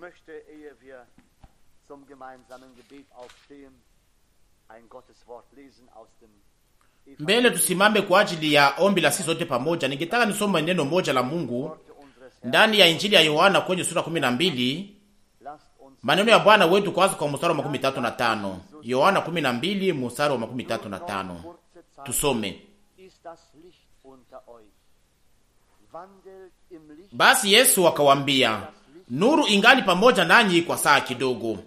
möchte, ehe wir zum gemeinsamen Gebet aufstehen, ein Gotteswort lesen aus dem mbele tusimame kwa ajili ya ombi la sisi sote pamoja. Ningetaka nisome neno moja la Mungu ndani ya Injili ya Yohana kwenye sura 12 maneno ya Bwana wetu kwanza kwa mstari wa 13 na 5. Yohana 12 mstari wa 13 na 5, tusome. Basi Yesu akawambia nuru ingali pamoja nanyi kwa saa kidogo.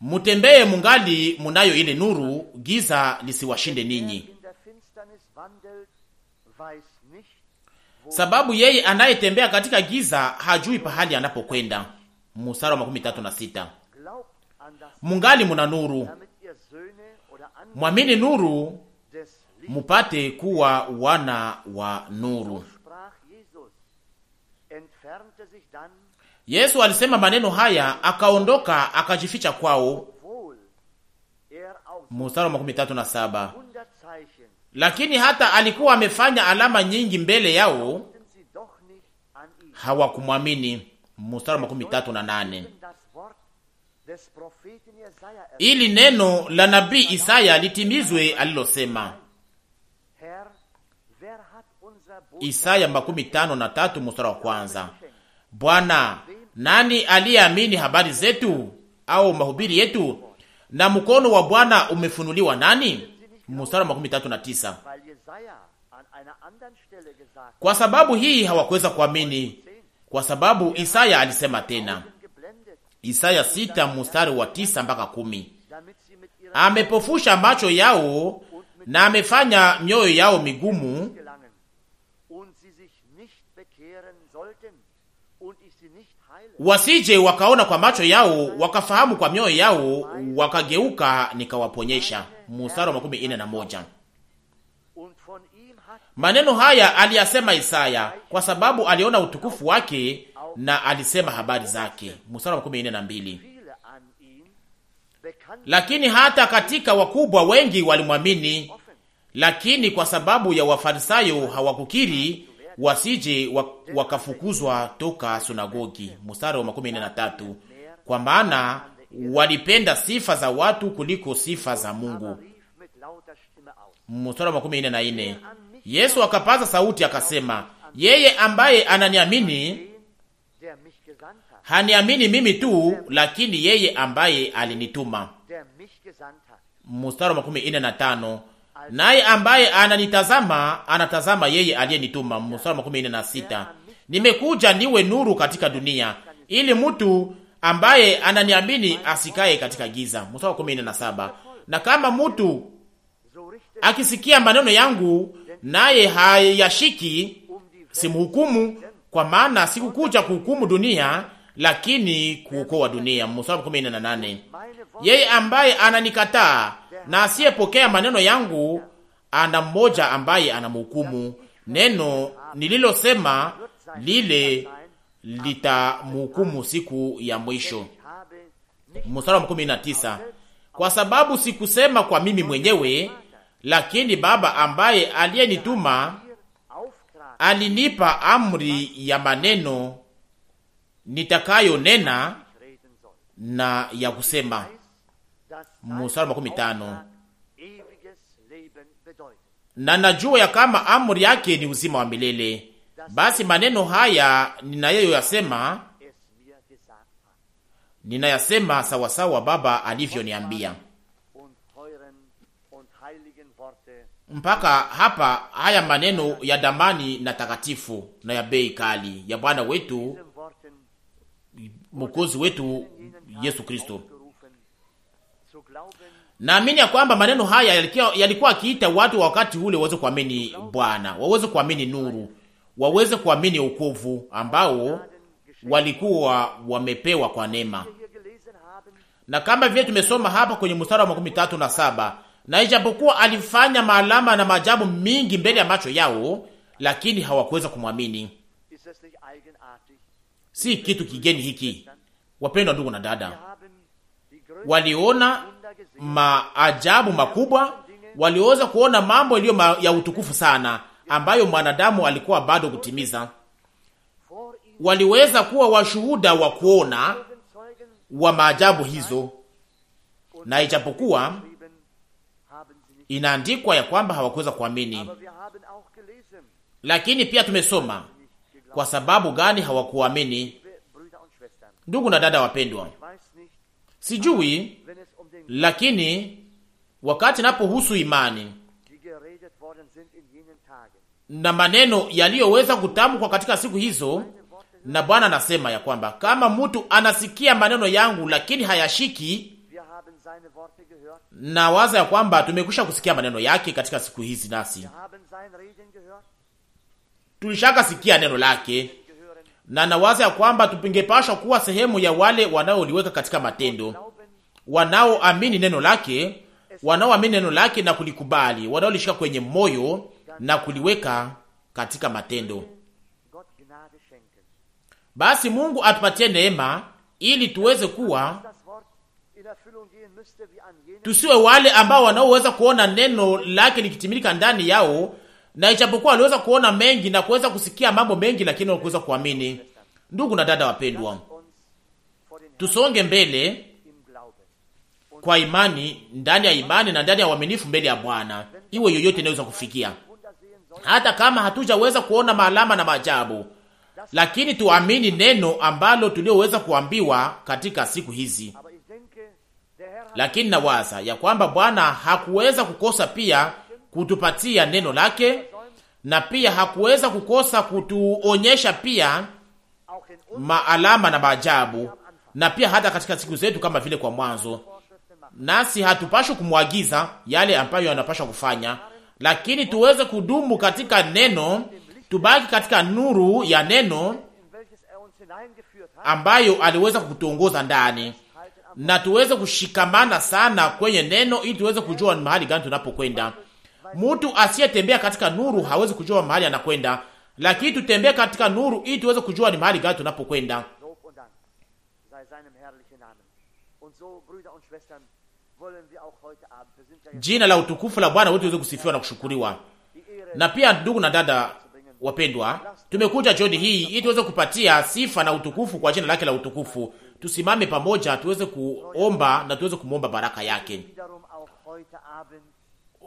Mutembee mungali munayo ile nuru, giza lisiwashinde ninyi, sababu yeye anayetembea katika giza hajui pahali anapokwenda. Mstari wa makumi tatu na sita. Mungali muna nuru, mwamini nuru, mupate kuwa wana wa nuru. Yesu alisema maneno haya, akaondoka akajificha kwao. Mstari wa makumi tatu na saba. Lakini hata alikuwa amefanya alama nyingi mbele yao, hawakumwamini. Mstari wa makumi tatu na nane. Ili neno la nabii Isaya litimizwe alilosema. Isaya makumi tano na tatu mstari wa kwanza. Bwana nani aliyeamini habari zetu au mahubiri yetu, na mkono wa Bwana umefunuliwa nani? Mstari wa makumi tatu na tisa. Kwa sababu hii hawakuweza kuamini, kwa sababu er Isaya alisema tena, Isaya um sita mstari wa tisa mpaka kumi, amepofusha macho yao na amefanya mioyo yao migumu wasije wakaona kwa macho yao, wakafahamu kwa mioyo yao, wakageuka nikawaponyesha. Mstari wa makumi ine na moja. Maneno haya aliyasema Isaya kwa sababu aliona utukufu wake na alisema habari zake. Mstari wa makumi ine na mbili. Lakini hata katika wakubwa wengi walimwamini, lakini kwa sababu ya Wafarisayo hawakukiri wasije wakafukuzwa toka sunagogi. Mstari wa makumi nne na tatu, kwa maana walipenda sifa za watu kuliko sifa za Mungu. Mstari wa makumi nne na nne, Yesu akapaza sauti akasema, yeye ambaye ananiamini haniamini mimi tu, lakini yeye ambaye alinituma. Mstari wa makumi nne na tano naye ambaye ananitazama anatazama yeye aliyenituma. Mstari makumi nne na sita. Nimekuja niwe nuru katika dunia ili mtu ambaye ananiamini asikae katika giza. Mstari makumi nne na saba. Na kama mtu akisikia maneno yangu naye hayashiki, simhukumu, kwa maana sikukuja kuhukumu dunia lakini kuokoa dunia. Mstari kumi na nane, yeye ambaye ananikataa na asiyepokea maneno yangu ana mmoja ambaye anamhukumu, neno nililosema lile litamhukumu siku ya mwisho. Mstari wa kumi na tisa, kwa sababu sikusema kwa mimi mwenyewe, lakini Baba ambaye aliyenituma alinipa amri ya maneno nitakayonena na ya kusema. Mstari makumi tano. Na najua ya kama amri yake ni uzima wa milele, basi maneno haya ninayoyasema ninayasema sawasawa Baba alivyoniambia. Mpaka hapa haya maneno ya damani na takatifu na ya bei kali ya Bwana wetu mwokozi wetu Yesu Kristo. Naamini ya kwamba maneno haya yalikuwa akiita watu wakati ule waweze kuamini Bwana, waweze kuamini nuru, waweze kuamini ukovu ambao walikuwa wamepewa kwa neema. Na kama vile tumesoma hapa kwenye mstari wa makumi tatu na saba, na ijapokuwa alifanya maalama na maajabu mingi mbele ya macho yao, lakini hawakuweza kumwamini si kitu kigeni hiki. Wapendwa ndugu na dada, waliona maajabu makubwa, waliweza kuona mambo yaliyo ma ya utukufu sana ambayo mwanadamu alikuwa bado kutimiza. Waliweza kuwa washuhuda wa kuona wa maajabu hizo, na ijapokuwa inaandikwa ya kwamba hawakuweza kuamini, lakini pia tumesoma kwa sababu gani hawakuamini? Ndugu na dada wapendwa, sijui, lakini wakati napohusu imani na maneno yaliyoweza kutamkwa katika siku hizo, na Bwana anasema ya kwamba kama mtu anasikia maneno yangu lakini hayashiki, na waza ya kwamba tumekwisha kusikia maneno yake katika siku hizi, nasi tulishaka sikia neno lake, na nawaza ya kwamba tupingepashwa kuwa sehemu ya wale wanaoliweka katika matendo, wanaoamini neno lake, wanaoamini neno lake na kulikubali, wanaolishika kwenye moyo na kuliweka katika matendo. Basi Mungu atupatie neema ili tuweze kuwa tusiwe wale ambao wanaoweza kuona neno lake likitimilika ndani yao na ijapokuwa aliweza kuona mengi na kuweza kusikia mambo mengi, lakini hakuweza kuamini. Ndugu na dada wapendwa, tusonge mbele kwa imani, ndani ya imani na ndani ya uaminifu mbele ya Bwana, iwe yoyote inaweza kufikia, hata kama hatujaweza kuona maalama na maajabu, lakini tuamini neno ambalo tulioweza kuambiwa katika siku hizi. Lakini nawaza ya kwamba Bwana hakuweza kukosa pia kutupatia neno lake, na pia hakuweza kukosa kutuonyesha pia maalama na maajabu, na pia hata katika siku zetu kama vile kwa mwanzo. Nasi hatupashwi kumwagiza yale ambayo anapashwa kufanya, lakini tuweze kudumu katika neno, tubaki katika nuru ya neno ambayo aliweza kutuongoza ndani, na tuweze kushikamana sana kwenye neno, ili tuweze kujua ni mahali gani tunapokwenda. Mtu asiyetembea katika nuru hawezi kujua mahali anakwenda, lakini tutembea katika nuru ili tuweze kujua ni mahali gani tunapokwenda. Jina la utukufu la Bwana wetu liweze kusifiwa na kushukuriwa. Na pia ndugu na dada wapendwa, tumekuja jioni hii ili tuweze kupatia sifa na utukufu kwa jina lake la utukufu. Tusimame pamoja tuweze kuomba na tuweze kumwomba baraka yake.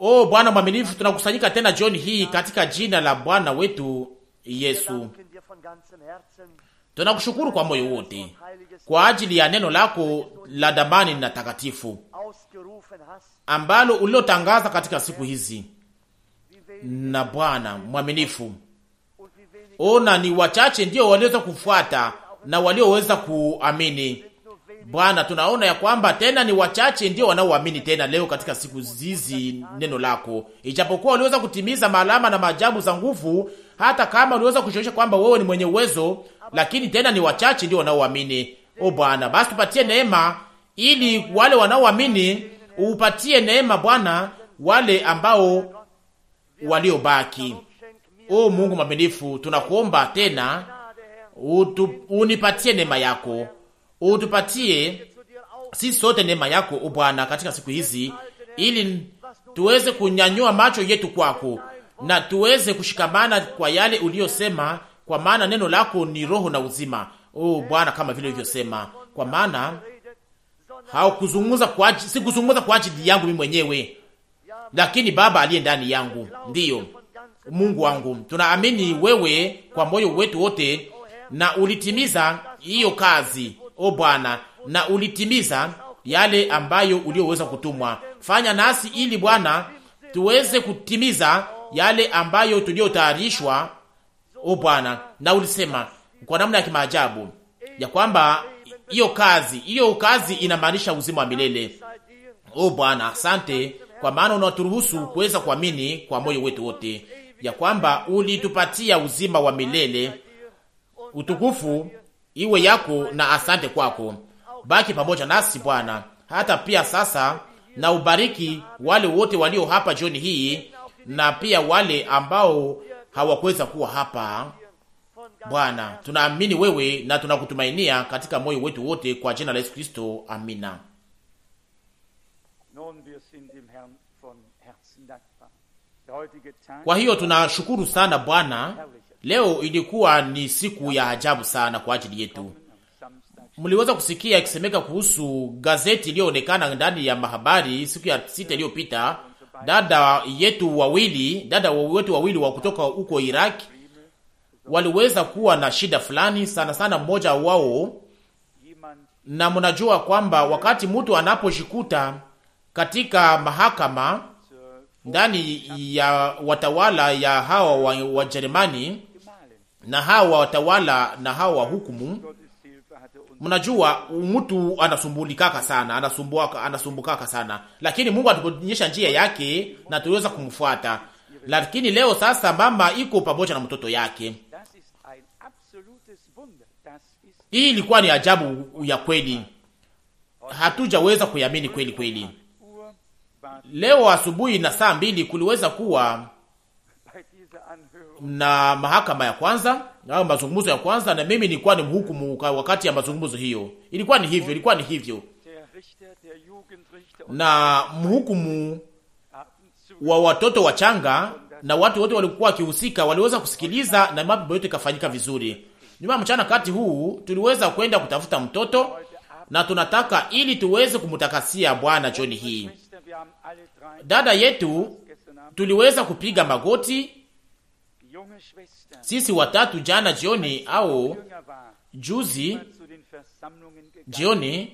Oh Bwana mwaminifu, tunakusanyika tena jioni hii katika jina la Bwana wetu Yesu. Tunakushukuru kwa moyo wote kwa ajili ya neno lako la damani na takatifu ambalo ulilotangaza katika siku hizi. Na Bwana mwaminifu, ona ni wachache ndio walioweza kufuata na walioweza kuamini Bwana, tunaona ya kwamba tena ni wachache ndio wanaoamini tena leo katika siku hizi neno lako, ijapokuwa uliweza kutimiza maalama na maajabu za nguvu, hata kama uliweza kushoesha kwamba wewe ni mwenye uwezo, lakini tena ni wachache ndio wanaoamini. O Bwana, basi tupatie neema ili wale wanaoamini upatie neema Bwana wale ambao waliobaki. O Mungu mwaminifu, tunakuomba tena utu, unipatie neema yako utupatie sisi sote neema yako, o Bwana, katika siku hizi, ili tuweze kunyanyua macho yetu kwako na tuweze kushikamana kwa yale uliyosema, kwa maana neno lako ni roho na uzima. O Bwana, kama vile ulivyosema, kwa maana haukuzungumza kwa, sikuzungumza kwa ajili yangu mimi mwenyewe, lakini Baba aliye ndani yangu. Ndiyo Mungu wangu, tunaamini wewe kwa moyo wetu wote, na ulitimiza hiyo kazi o Bwana, na ulitimiza yale ambayo ulioweza kutumwa. Fanya nasi ili Bwana tuweze kutimiza yale ambayo tuliyotayarishwa, o Bwana. Na ulisema kwa namna ya kimaajabu ya kwamba hiyo kazi hiyo kazi inamaanisha uzima wa milele. O Bwana, asante kwa maana unaturuhusu kuweza kuamini kwa moyo wetu wote ya kwamba ulitupatia uzima wa milele. Utukufu iwe yako na asante kwako. Baki pamoja nasi Bwana, hata pia sasa, na ubariki wale wote walio hapa jioni hii na pia wale ambao hawakuweza kuwa hapa. Bwana, tunaamini wewe na tunakutumainia katika moyo wetu wote, kwa jina la Yesu Kristo, amina. Kwa hiyo tunashukuru sana Bwana Leo ilikuwa ni siku ya ajabu sana kwa ajili yetu. Mliweza kusikia ikisemeka kuhusu gazeti iliyoonekana ndani ya mahabari siku ya sita iliyopita. Dada yetu wawili, dada wetu wawili wa kutoka huko Iraq waliweza kuwa na shida fulani sana sana, mmoja wao, na mnajua kwamba wakati mtu anapojikuta katika mahakama ndani ya watawala ya hawa wa Wajerumani na hawa watawala na hawa wahukumu, mnajua mtu anasumbulikaka sana, anasumbuaka, anasumbukaka sana, lakini Mungu atuonyesha njia yake na tuliweza kumfuata. Lakini leo sasa mama iko pamoja na mtoto yake. Hii ilikuwa ni ajabu ya kweli, hatujaweza kuiamini kweli kweli. Leo asubuhi na saa mbili kuliweza kuwa na mahakama ya kwanza au mazungumzo ya kwanza, na mimi nilikuwa ni mhukumu wakati ya mazungumzo hiyo. Ilikuwa ni hivyo, ilikuwa ni hivyo, na mhukumu wa watoto wachanga na watu wote walikuwa wakihusika waliweza kusikiliza, na mambo yote ikafanyika vizuri. Nyuma mchana kati huu tuliweza kwenda kutafuta mtoto, na tunataka ili tuweze kumtakasia Bwana jioni hii. Dada yetu tuliweza kupiga magoti sisi watatu jana jioni au juzi jioni,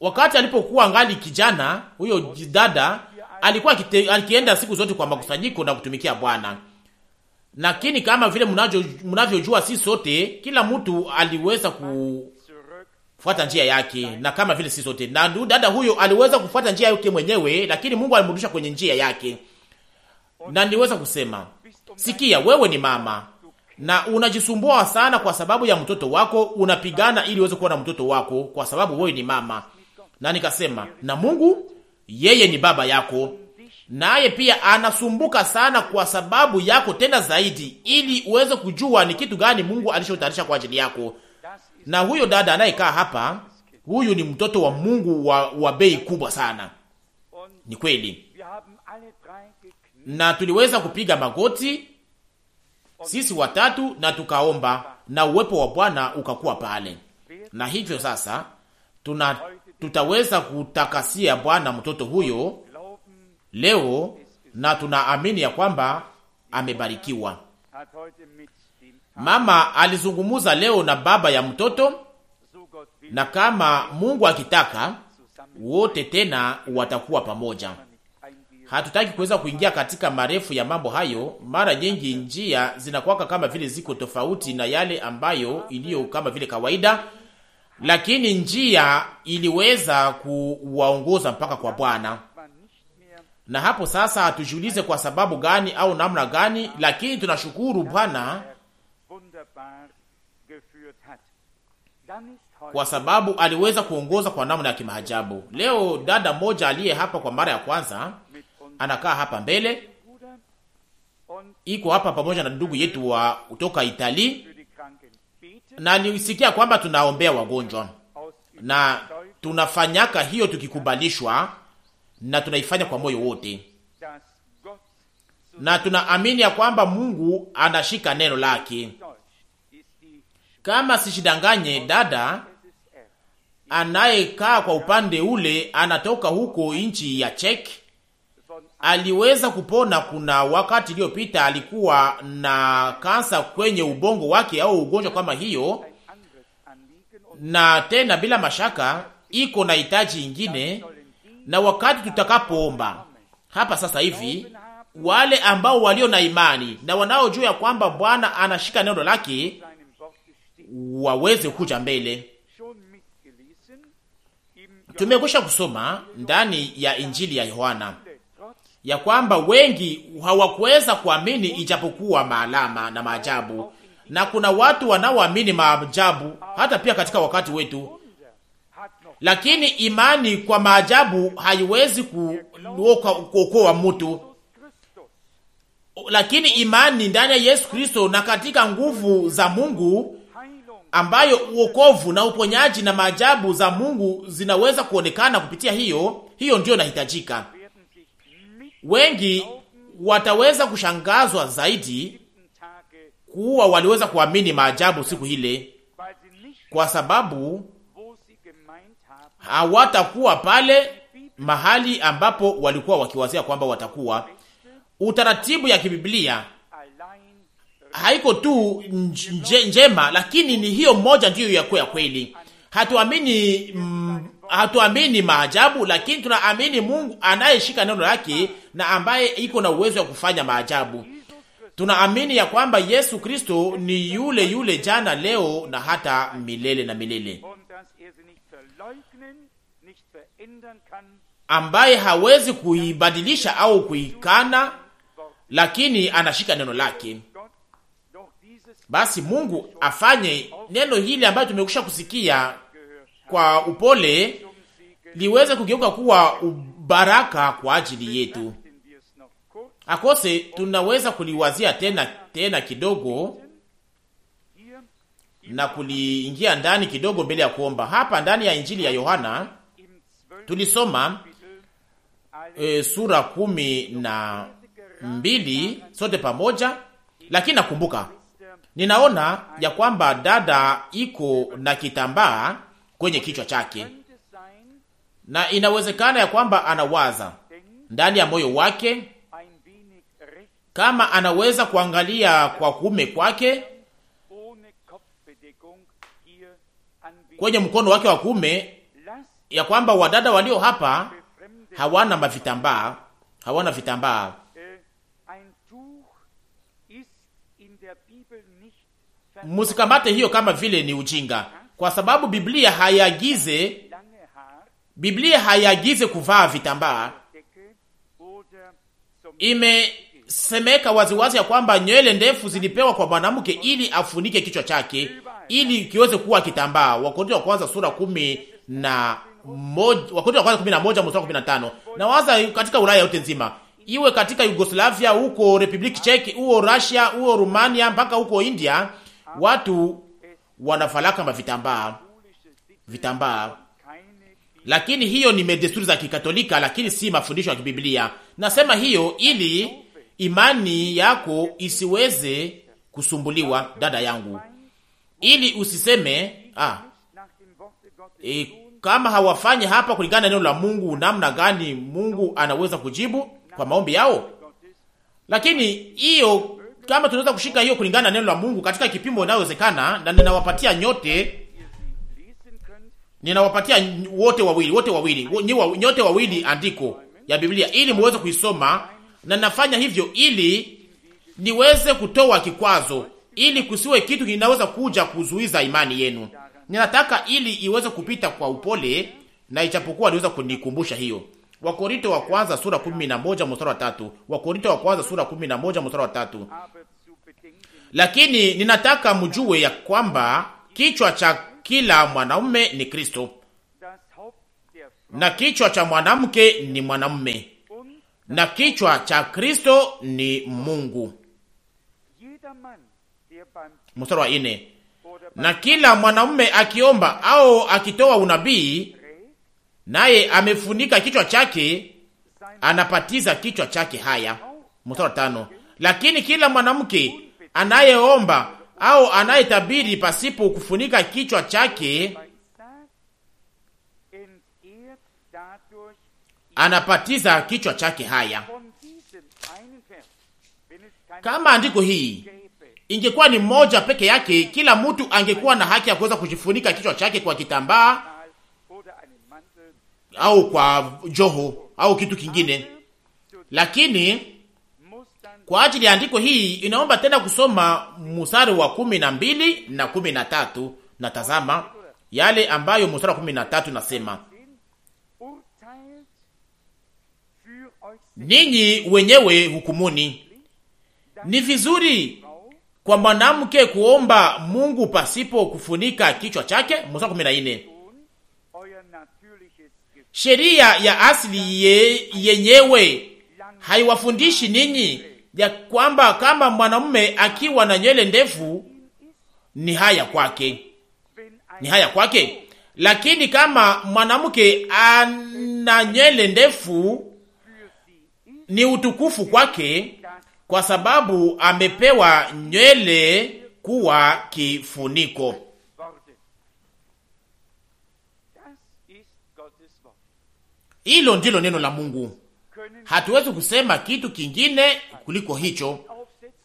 wakati alipokuwa angali kijana, huyo dada alikuwa kite, alikienda siku zote kwa makusanyiko na kutumikia Bwana, lakini kama vile mnavyojua, si sote kila mtu aliweza kufuata njia yake, na kama vile si sote na dada huyo aliweza kufuata njia yake mwenyewe, lakini Mungu alimrudisha kwenye njia yake, na niweza kusema Sikia, wewe ni mama na unajisumbua sana kwa sababu ya mtoto wako, unapigana ili uweze kuwa na mtoto wako kwa sababu wewe ni mama. Na nikasema na Mungu yeye ni baba yako, naye pia anasumbuka sana kwa sababu yako, tena zaidi, ili uweze kujua ni kitu gani Mungu alichotayarisha kwa ajili yako. Na huyo dada anayekaa hapa, huyu ni mtoto wa Mungu wa, wa bei kubwa sana. Ni kweli na tuliweza kupiga magoti sisi watatu na tukaomba, na uwepo wa Bwana ukakuwa pale, na hivyo sasa tuna tutaweza kutakasia Bwana mtoto huyo leo, na tunaamini ya kwamba amebarikiwa. Mama alizungumuza leo na baba ya mtoto, na kama Mungu akitaka wote tena watakuwa pamoja. Hatutaki kuweza kuingia katika marefu ya mambo hayo. Mara nyingi njia zinakuwaka kama vile ziko tofauti na yale ambayo iliyo kama vile kawaida, lakini njia iliweza kuwaongoza mpaka kwa Bwana. Na hapo sasa hatujiulize kwa sababu gani au namna gani, lakini tunashukuru Bwana kwa sababu aliweza kuongoza kwa namna ya kimaajabu. Leo dada moja aliye hapa kwa mara ya kwanza anakaa hapa mbele, iko hapa pamoja na ndugu yetu wa kutoka Itali, na nisikia kwamba tunaombea wagonjwa na tunafanyaka hiyo tukikubalishwa, na tunaifanya kwa moyo wote, na tunaamini ya kwamba Mungu anashika neno lake. Kama sishidanganye, dada anayekaa kwa upande ule anatoka huko nchi ya Cheki aliweza kupona. Kuna wakati iliyopita alikuwa na kansa kwenye ubongo wake au ugonjwa kama hiyo, na tena bila mashaka iko na hitaji ingine, na wakati tutakapoomba hapa sasa hivi, wale ambao walio na imani na wanaojua ya kwamba Bwana anashika neno lake waweze kuja mbele. Tumekwisha kusoma ndani ya Injili ya Yohana ya kwamba wengi hawakuweza kuamini ijapokuwa maalama na maajabu, na kuna watu wanaoamini maajabu hata pia katika wakati wetu, lakini imani kwa maajabu haiwezi kuokoa mtu, lakini imani ndani ya Yesu Kristo na katika nguvu za Mungu ambayo uokovu na uponyaji na maajabu za Mungu zinaweza kuonekana kupitia hiyo hiyo, ndiyo inahitajika wengi wataweza kushangazwa zaidi kuwa waliweza kuamini maajabu siku ile, kwa sababu hawatakuwa pale mahali ambapo walikuwa wakiwazia kwamba watakuwa. Utaratibu ya kibiblia haiko tu nje, njema, lakini ni hiyo moja ndiyo ya kweli. Hatuamini mm, hatuamini maajabu, lakini tunaamini Mungu anayeshika neno lake na ambaye iko na uwezo wa kufanya maajabu. Tunaamini ya kwamba Yesu Kristo ni yule yule jana, leo na hata milele na milele, ambaye hawezi kuibadilisha au kuikana, lakini anashika neno lake. Basi Mungu afanye neno hili ambayo tumekusha kusikia kwa upole liweze kugeuka kuwa ubaraka kwa ajili yetu. Akose tunaweza kuliwazia tena tena kidogo na kuliingia ndani kidogo mbele ya kuomba. Hapa ndani ya Injili ya Yohana tulisoma e, sura kumi na mbili sote pamoja, lakini nakumbuka ninaona ya kwamba dada iko na kitambaa kwenye kichwa chake, na inawezekana ya kwamba anawaza ndani ya moyo wake kama anaweza kuangalia kwa kuume kwake kwenye mkono wake wa kuume, ya kwamba wadada walio hapa hawana mavitambaa, hawana vitambaa. Musikamate hiyo kama vile ni ujinga kwa sababu Biblia haiagize, Biblia hayagize kuvaa vitambaa. Imesemeka waziwazi ya kwamba nywele ndefu zilipewa kwa mwanamke ili afunike kichwa chake ili kiweze kuwa kitambaa. Wakorintho wa kwanza sura kumi na moja, Wakorintho wa kwanza kumi na moja mstari kumi na tano. Na waza katika Ulaya yote nzima iwe katika Yugoslavia, huko Republic Czech, huko Russia, huko Rumania mpaka huko India, watu wanafalaka mavitambaa vitambaa, lakini hiyo ni medesturi za Kikatolika, lakini si mafundisho ya Kibiblia. Nasema hiyo ili imani yako isiweze kusumbuliwa, dada yangu, ili usiseme ah, e, kama hawafanye hapa kulingana na neno la Mungu, namna gani Mungu anaweza kujibu kwa maombi yao? Lakini hiyo kama tunaweza kushika hiyo kulingana na neno la Mungu katika kipimo inayowezekana, na ninawapatia nyote, ninawapatia wote wawili, wote wawili, nyote wawili andiko ya Biblia ili muweze kuisoma, na nafanya hivyo ili niweze kutoa kikwazo, ili kusiwe kitu kinaweza kuja kuzuiza imani yenu. Ninataka ili iweze kupita kwa upole, na ichapokuwa niweza kunikumbusha hiyo Wakorinto wa kwanza sura 11 mstari wa tatu. Wakorinto wa kwanza sura 11 mstari wa tatu. Lakini ninataka mjue ya kwamba kichwa cha kila mwanaume ni Kristo na kichwa cha mwanamke ni mwanamume na kichwa cha Kristo ni Mungu. Mstari wa ine. Na kila mwanamume akiomba au akitoa unabii naye amefunika kichwa chake, anapatiza kichwa chake. Haya, mstari tano. Lakini kila mwanamke anayeomba au anayetabiri pasipo kufunika kichwa chake anapatiza kichwa chake. Haya, kama andiko hii ingekuwa ni moja peke yake, kila mtu angekuwa na haki ya kuweza kujifunika kichwa chake kwa kitambaa au kwa joho au kitu kingine, lakini kwa ajili ya andiko hii inaomba tena kusoma musari wa kumi na mbili na kumi na tatu na tazama yale ambayo musari wa kumi na tatu nasema ninyi wenyewe hukumuni. Ni vizuri kwa mwanamke kuomba Mungu pasipo kufunika kichwa chake. Musari wa kumi na nne Sheria ya asili ye, yenyewe haiwafundishi ninyi ya kwamba kama mwanamume akiwa na nywele ndefu ni haya kwake, ni haya kwake. Lakini kama mwanamke ana nywele ndefu ni utukufu kwake, kwa sababu amepewa nywele kuwa kifuniko. Hilo ndilo neno la Mungu. Hatuwezi kusema kitu kingine kuliko hicho.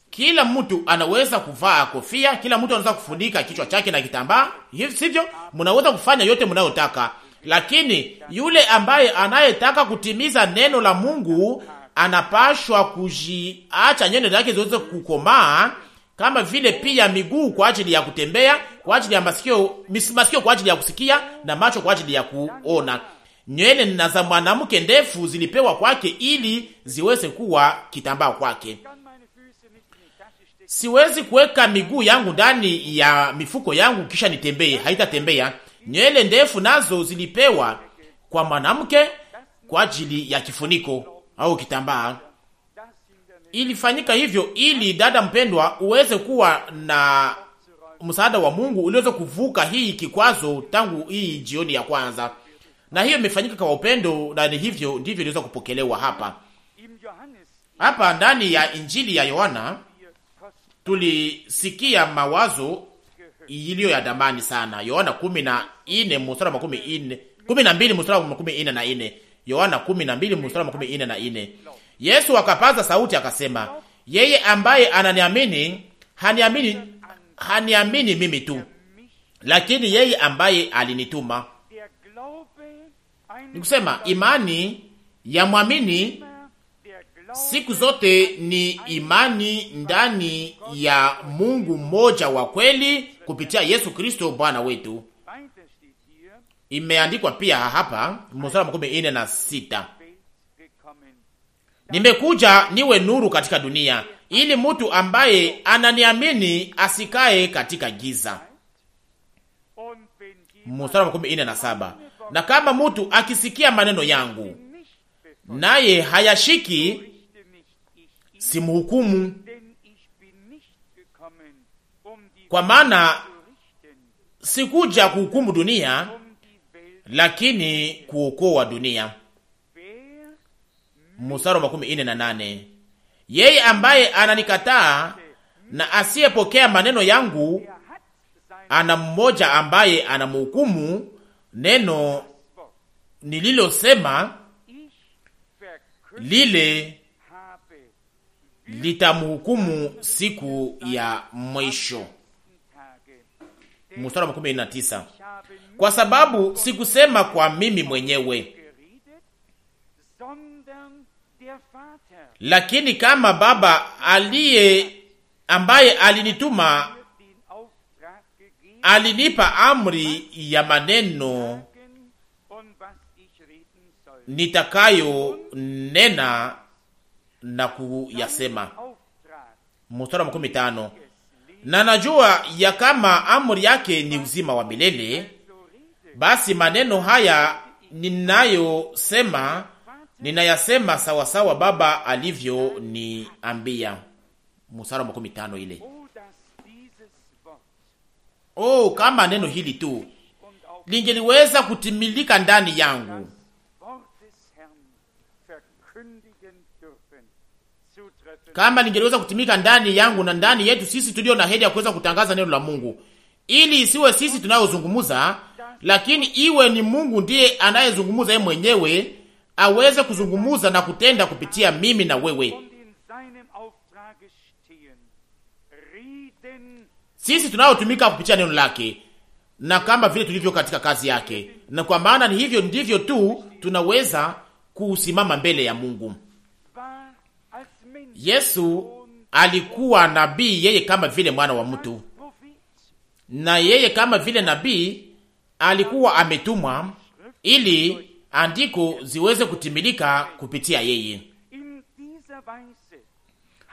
Kila mtu anaweza kuvaa kofia, kila mtu anaweza kufunika kichwa chake na kitambaa, sivyo? Mnaweza kufanya yote mnayotaka, lakini yule ambaye anayetaka kutimiza neno la Mungu anapashwa kujiacha nywele zake ziweze kukomaa kama vile pia miguu kwa ajili ya kutembea, kwa ajili ya masikio, masikio kwa ajili ya kusikia na macho kwa ajili ya kuona. Nywele na za mwanamke ndefu zilipewa kwake ili ziweze kuwa kitambaa kwake. Siwezi kuweka miguu yangu ndani ya mifuko yangu kisha nitembee, haitatembea. Nywele ndefu nazo zilipewa kwa mwanamke kwa ajili ya kifuniko au kitambaa. Ilifanyika hivyo ili dada mpendwa uweze kuwa na msaada wa Mungu uliweze kuvuka hii kikwazo tangu hii jioni ya kwanza, na hiyo imefanyika kwa upendo, na ni hivyo ndivyo iliweza kupokelewa hapa hapa ndani ya Injili ya Yohana. Tulisikia mawazo iliyo ya damani sana. Yohana 14 mstari wa 14 12 mstari wa 14 na 4 Yohana 12 mstari wa 14 na ine Yesu akapaza sauti akasema, yeye ambaye ananiamini haniamini, haniamini mimi tu, lakini yeye ambaye alinituma. Nikusema imani ya mwamini siku zote ni imani ndani ya Mungu mmoja wa kweli kupitia Yesu Kristo Bwana wetu. Imeandikwa pia hapa mstari wa makumi ine na sita nimekuja niwe nuru katika dunia, ili mtu ambaye ananiamini asikae katika giza. Mstari ine na saba. Na kama mtu akisikia maneno yangu naye hayashiki, simhukumu, kwa maana sikuja kuhukumu dunia, lakini kuokoa dunia mstari wa makumi ine na nane yeye ambaye ananikataa na asiyepokea maneno yangu ana mmoja ambaye anamhukumu neno nililosema lile litamhukumu siku ya mwisho. Mstari wa makumi ine na tisa. Kwa sababu sikusema kwa mimi mwenyewe, lakini kama Baba aliye ambaye alinituma alinipa amri ya maneno nitakayo nena na kuyasema. Mstari wa makumi tano na najua ya kama amri yake ni uzima wa milele, basi maneno haya ninayosema ninayasema sawasawa Baba alivyoniambia. Mstari wa makumi tano ile. Oh, kama neno hili tu lingeliweza kutimilika ndani yangu kama lingeliweza kutimika ndani yangu na ndani yetu sisi tulio na heri ya kuweza kutangaza neno la Mungu, ili isiwe sisi tunayozungumuza, lakini iwe ni Mungu ndiye anayezungumuza yeye mwenyewe aweze kuzungumuza na kutenda kupitia mimi na wewe. Sisi tunayotumika kupitia neno lake na kama vile tulivyo katika kazi yake, na kwa maana ni hivyo ndivyo tu tunaweza kusimama mbele ya Mungu. Yesu alikuwa nabii, yeye kama vile mwana wa mtu, na yeye kama vile nabii alikuwa ametumwa ili andiko ziweze kutimilika kupitia yeye.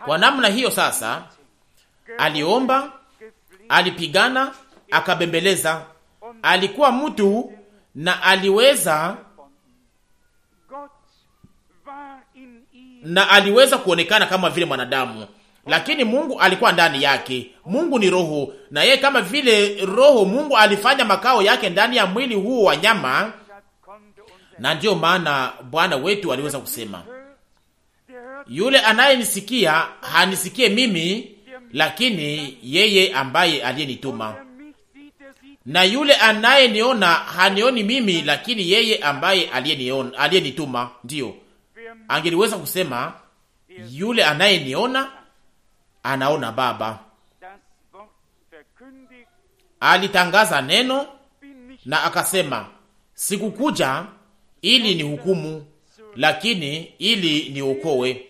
Kwa namna hiyo sasa, aliomba, alipigana, akabembeleza. Alikuwa mtu na aliweza na aliweza kuonekana kama vile mwanadamu, lakini Mungu alikuwa ndani yake. Mungu ni roho, na yeye kama vile roho, Mungu alifanya makao yake ndani ya mwili huo wa nyama na ndiyo maana Bwana wetu aliweza kusema, yule anayenisikia hanisikie mimi, lakini yeye ambaye aliyenituma, na yule anayeniona hanioni mimi, lakini yeye ambaye aliyeniona aliyenituma. Ndiyo angeliweza kusema yule anayeniona anaona Baba. Alitangaza neno na akasema, sikukuja ili ni hukumu, lakini ili ni okowe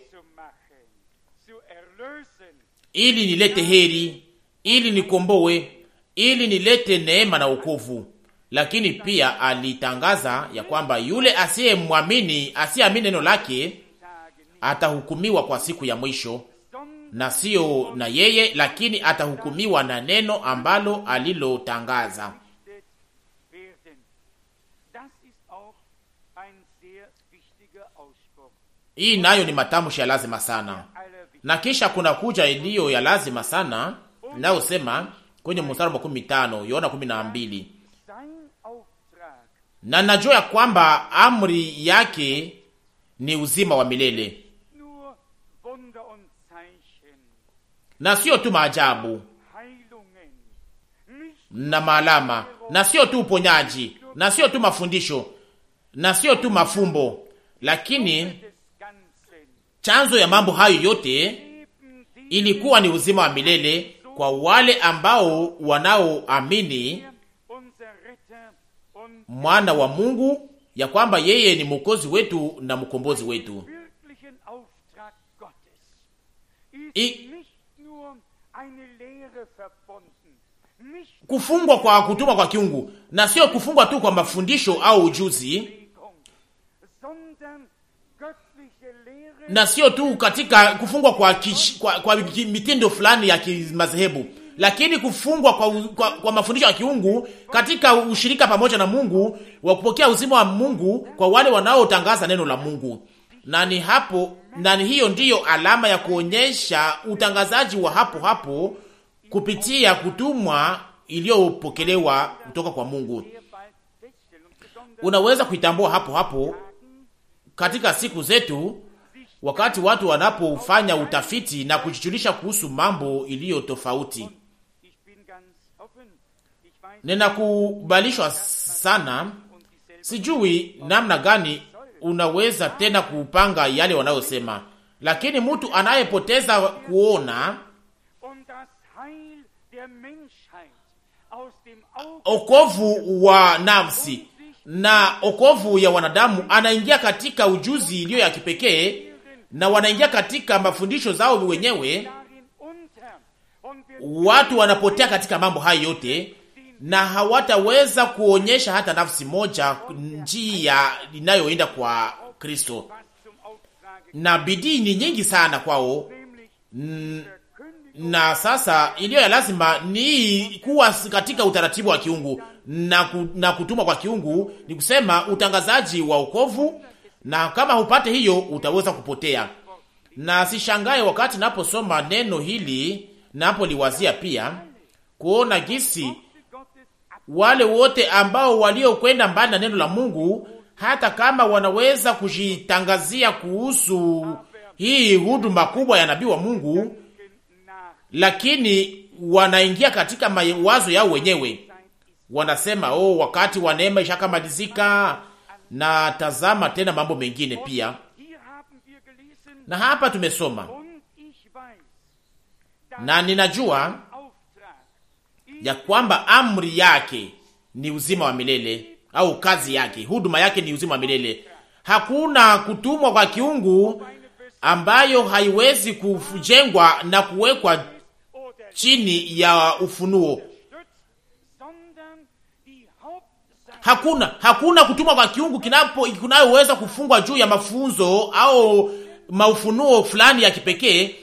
ili nilete heri, ili nikombowe ili nilete neema na wokovu. Lakini pia alitangaza ya kwamba yule asiyemwamini, asiyeamini neno lake atahukumiwa kwa siku ya mwisho, na sio na yeye, lakini atahukumiwa na neno ambalo alilotangaza. Hii nayo ni matamshi ya lazima sana, na kisha kuna kuja iliyo ya lazima sana inayosema kwenye mstari wa makumi tano Yohana kumi na mbili na najua ya kwamba amri yake ni uzima wa milele na sio tu maajabu na maalama, na sio tu uponyaji, na sio tu mafundisho, na sio tu mafumbo, lakini Chanzo ya mambo hayo yote ilikuwa ni uzima wa milele kwa wale ambao wanaoamini mwana wa Mungu, ya kwamba yeye ni mwokozi wetu na mkombozi wetu. I, kufungwa kwa kutuma kwa kiungu na sio kufungwa tu kwa mafundisho au ujuzi na sio tu katika kufungwa kwa, kish, kwa, kwa mitindo fulani ya kimadhehebu, lakini kufungwa kwa, kwa, kwa mafundisho ya kiungu katika ushirika pamoja na Mungu wa kupokea uzima wa Mungu kwa wale wanaotangaza neno la Mungu. Na ni hapo na ni hiyo ndiyo alama ya kuonyesha utangazaji wa hapo hapo kupitia kutumwa iliyopokelewa kutoka kwa Mungu. Unaweza kuitambua hapo hapo katika siku zetu wakati watu wanapofanya utafiti na kujichulisha kuhusu mambo iliyo tofauti. Ninakubalishwa sana, sijui namna gani unaweza tena kupanga yale wanayosema, lakini mtu anayepoteza kuona okovu wa nafsi na okovu ya wanadamu anaingia katika ujuzi iliyo ya kipekee na wanaingia katika mafundisho zao wenyewe, watu wanapotea katika mambo hayo yote, na hawataweza kuonyesha hata nafsi moja njia inayoenda kwa Kristo, na bidii ni nyingi sana kwao. Na sasa iliyo ya lazima ni kuwa katika utaratibu wa kiungu na, ku, na kutumwa kwa kiungu, ni kusema utangazaji wa wokovu na kama hupate hiyo utaweza kupotea. Na sishangae wakati naposoma neno hili, napoliwazia pia kuona jinsi wale wote ambao waliokwenda mbali na neno la Mungu, hata kama wanaweza kujitangazia kuhusu hii huduma kubwa ya nabii wa Mungu, lakini wanaingia katika mawazo yao wenyewe, wanasema oh, wakati wa neema ishakamalizika na tazama tena mambo mengine pia. Na hapa tumesoma na ninajua ya kwamba amri yake ni uzima wa milele, au kazi yake, huduma yake ni uzima wa milele. Hakuna kutumwa kwa kiungu ambayo haiwezi kujengwa na kuwekwa chini ya ufunuo hakuna hakuna kutumwa kwa kiungu kinapo kunayoweza kufungwa juu ya mafunzo au maufunuo fulani ya kipekee,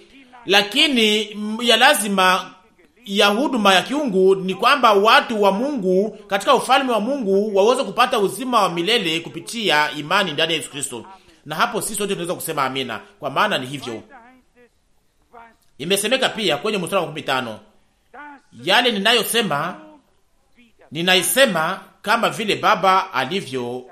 lakini ya lazima ya huduma ya kiungu ni kwamba watu wa Mungu katika ufalme wa Mungu waweze kupata uzima wa milele kupitia imani ndani ya Yesu Kristo. Na hapo sisi sote tunaweza kusema amina, kwa maana ni hivyo imesemeka pia kwenye mstari wa 15, yale ninayosema ninaisema kama vile Baba alivyo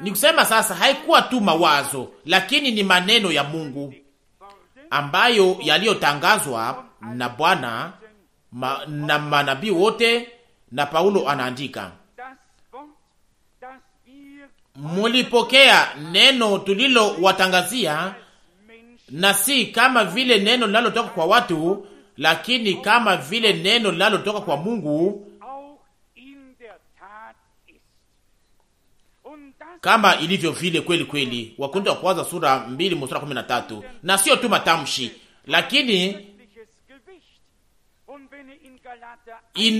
Ni kusema sasa, haikuwa tu mawazo, lakini ni maneno ya Mungu ambayo yaliyotangazwa na Bwana ma, na manabii wote, na Paulo anaandika mulipokea neno tulilowatangazia, na si kama vile neno linalotoka kwa watu, lakini kama vile neno linalotoka kwa Mungu kama ilivyo vile kweli kweli. Wakorintho wa kwanza sura 2 mstari 13, na Na sio tu matamshi, lakini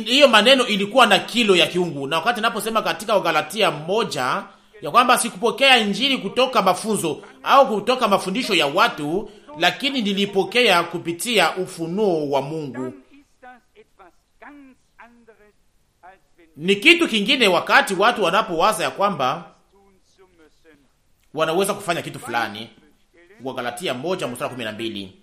hiyo maneno ilikuwa na kilo ya kiungu. Na wakati naposema katika Wagalatia moja ya kwamba sikupokea injili kutoka mafunzo au kutoka mafundisho ya watu lakini nilipokea kupitia ufunuo wa Mungu. Ni kitu kingine wakati watu wanapowaza ya kwamba wanaweza kufanya kitu fulani. Wagalatia moja mstari kumi na mbili.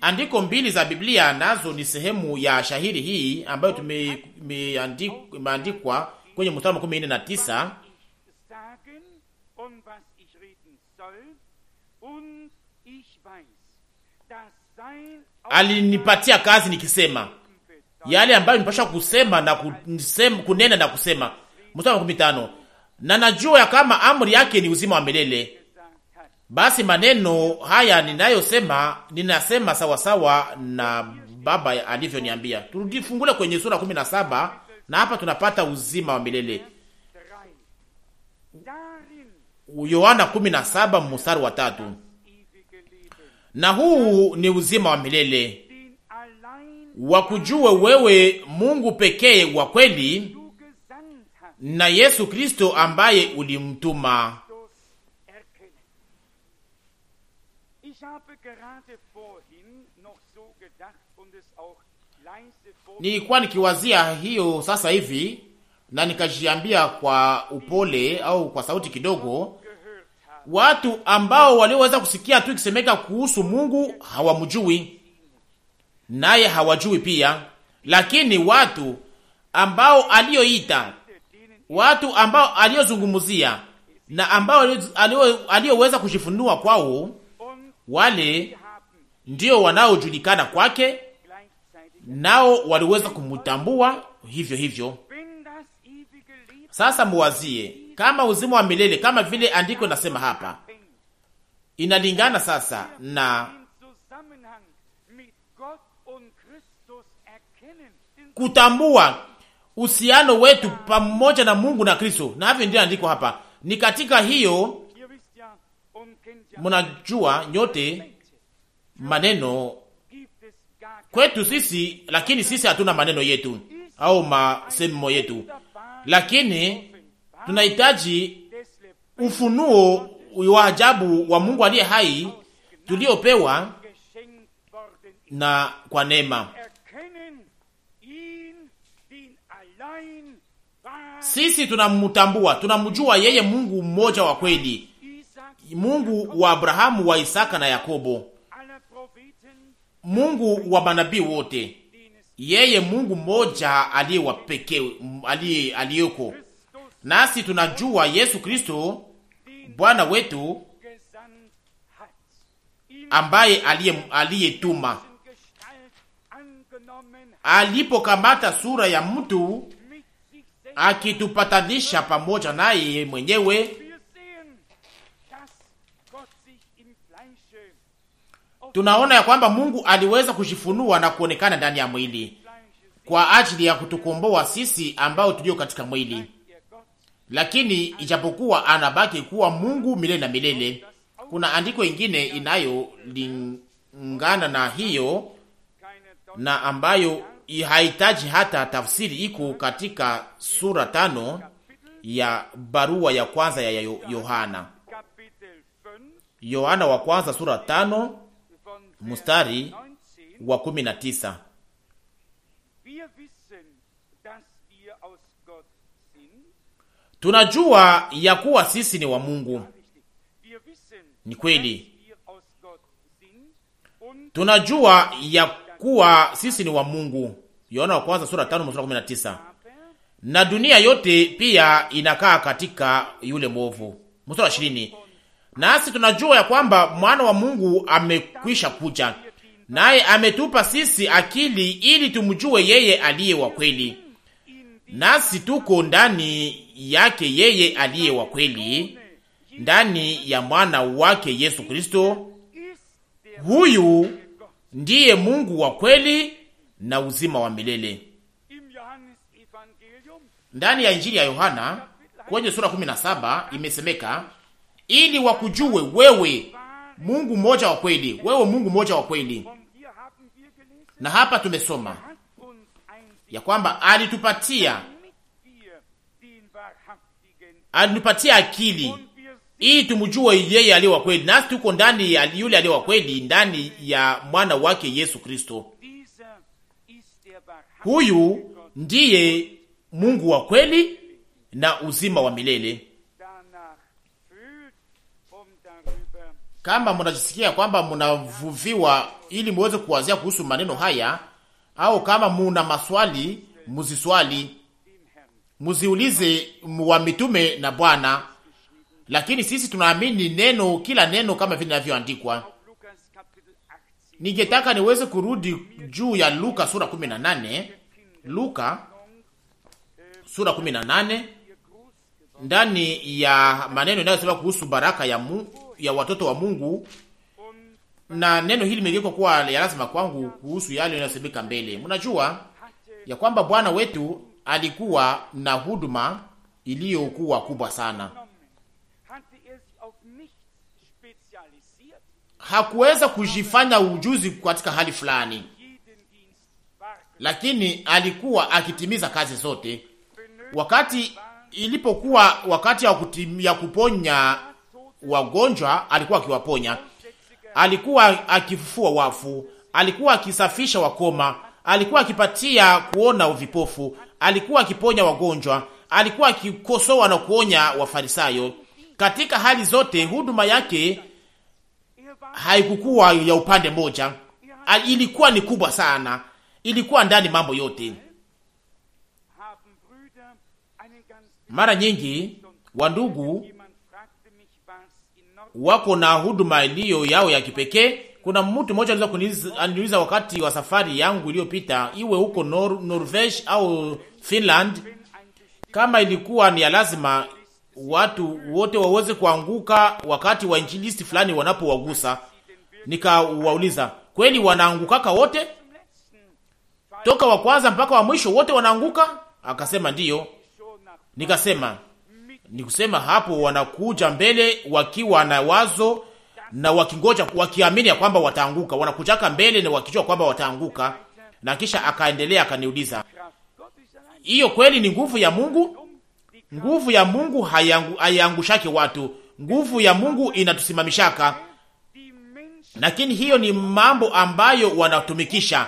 Andiko mbili za Biblia nazo ni sehemu ya shahiri hii ambayo tumeandikwa kwenye mstari wa nne na tisa um alinipatia kazi nikisema yale ambayo nipasha kusema na kusema, kunena na kusema. Mstari wa 15 na najua kama amri yake ni uzima wa milele, basi maneno haya ninayosema ninasema sawasawa sawa na Baba alivyoniambia. fungule kwenye sura 17 na hapa tunapata uzima wa milele. Yohana 17 mstari wa tatu na huu ni uzima wa milele kujua wewe Mungu pekee wa kweli na Yesu Kristo ambaye ulimtuma. Nilikuwa nikiwazia hiyo sasa hivi na nikajiambia kwa upole au kwa sauti kidogo watu ambao walioweza kusikia tu ikisemeka kuhusu Mungu hawamjui, naye hawajui pia, lakini watu ambao alioita watu ambao aliozungumzia na ambao aliyoweza kujifunua kwao, wale ndio wanaojulikana kwake, nao waliweza kumtambua hivyo hivyo. Sasa muwazie kama uzima wa milele, kama vile andiko nasema hapa. Inalingana sasa na kutambua uhusiano wetu pamoja na Mungu na Kristo, na hivyo ndio andiko hapa. Ni katika hiyo, mnajua nyote maneno kwetu sisi, lakini sisi hatuna maneno yetu au masemo yetu, lakini tunahitaji ufunuo wa ajabu wa Mungu aliye hai tuliopewa na kwa neema. Sisi tunamutambua, tunamjua yeye Mungu mmoja wa kweli, Mungu wa Abrahamu, wa Isaka na Yakobo, Mungu wa manabii wote, yeye Mungu mmoja aliye wa pekee aliyeko Nasi tunajua Yesu Kristo Bwana wetu ambaye aliyetuma alipokamata sura ya mtu akitupatanisha pamoja naye mwenyewe. Tunaona ya kwamba Mungu aliweza kujifunua na kuonekana ndani ya mwili kwa ajili ya kutukomboa sisi ambao tulio katika mwili lakini ijapokuwa anabaki kuwa Mungu milele na milele. Kuna andiko ingine inayolingana na hiyo na ambayo haihitaji hata tafsiri, iko katika sura tano ya barua ya kwanza ya Yohana, Yohana wa kwanza sura tano mstari wa kumi na tisa. Tunajua ya kuwa sisi ni wa Mungu, ni kweli. Tunajua ya kuwa sisi ni wa Mungu, Yohana wa kwanza sura 5 mstari 19. Na dunia yote pia inakaa katika yule mwovu, mstari 20. Nasi tunajua ya kwamba mwana wa Mungu amekwisha kuja, naye ametupa sisi akili ili tumjue yeye aliye wa kweli, nasi tuko ndani yake yeye aliye wa kweli ndani ya mwana wake Yesu Kristo. Huyu ndiye Mungu wa kweli na uzima wa milele. Ndani ya Injili ya Yohana kwenye sura 17 imesemeka, ili wakujue wewe Mungu mmoja wa kweli, wewe Mungu mmoja wa kweli. Na hapa tumesoma ya kwamba alitupatia alipatia akili ili tumjue yeye aliye wa kweli, nasi tuko ndani ya yule aliye wa kweli, ndani ya mwana wake Yesu Kristo. Huyu ndiye Mungu wa kweli na uzima wa milele. Kama mnajisikia kwamba munavuviwa ili muweze kuwazia kuhusu maneno haya, au kama muna maswali muziswali, muziulize wa mitume na Bwana, lakini sisi tunaamini neno, kila neno kama vile inavyoandikwa. Ningetaka niweze kurudi juu ya Luka sura 18, Luka sura 18 ndani ya maneno inayosema kuhusu baraka ya, mu, ya watoto wa Mungu na neno hili limewekwa kuwa ya lazima kwangu kuhusu yale yanayosemeka mbele. Mnajua ya kwamba Bwana wetu alikuwa na huduma iliyokuwa kubwa sana. Hakuweza kujifanya ujuzi katika hali fulani, lakini alikuwa akitimiza kazi zote. Wakati ilipokuwa wakati ya kuponya wagonjwa, alikuwa akiwaponya, alikuwa akifufua wafu, alikuwa akisafisha wakoma, alikuwa akipatia kuona uvipofu, alikuwa akiponya wagonjwa, alikuwa akikosoa na kuonya Wafarisayo. Katika hali zote, huduma yake haikukuwa ya upande mmoja, ilikuwa ni kubwa sana, ilikuwa ndani mambo yote. Mara nyingi wandugu wako na huduma iliyo yao ya kipekee kuna mtu mmoja aliweza kuniuliza wakati wa safari yangu iliyopita, iwe huko Nor Norvege au Finland, kama ilikuwa ni lazima watu wote waweze kuanguka wakati wa injilisti fulani wanapowagusa. Nikawauliza, kweli wanaangukaka wote toka wa kwanza mpaka wa mwisho wote wanaanguka? Akasema ndiyo. Nikasema nikusema hapo wanakuja mbele wakiwa na wazo na wakingoja, wakiamini ya kwamba wataanguka, wanakuchaka mbele na wakijua kwamba wataanguka. Na kisha akaendelea akaniuliza, hiyo kweli ni nguvu ya Mungu? Nguvu ya Mungu haiangushake watu, nguvu ya Mungu inatusimamishaka, lakini hiyo ni mambo ambayo wanatumikisha.